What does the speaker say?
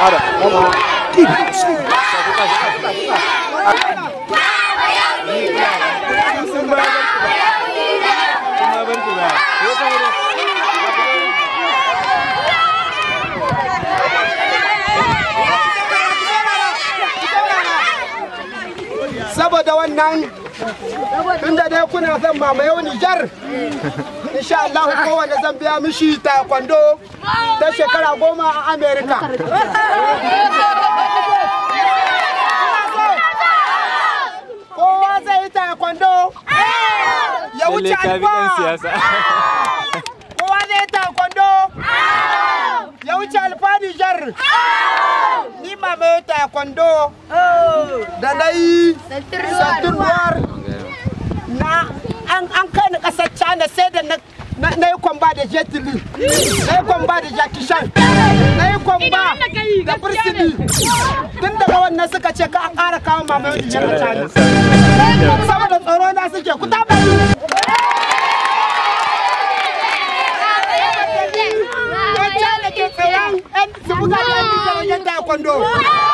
Ada, come on. Keep it. Keep it. wannan tunda dai kuna zan wani jar insha Allah kowanne zan biya mishi taekwondo ta shekara goma a Amerika. Kowa zai yi taekwondo ya wuce alfa. Kowa zai yi taekwondo ya wuce alfa Nijar. Ni mamaye taekwondo. Dadai, Santurwar, na an kai ni ƙasar China sai da na na yi kwamba da jetili na yi kwamba da jakishan na yi kwamba da fursidi tun daga wannan suka ce ka ƙara kawo a cana saboda tsoro na suke ku taɓa Yan buga kwando.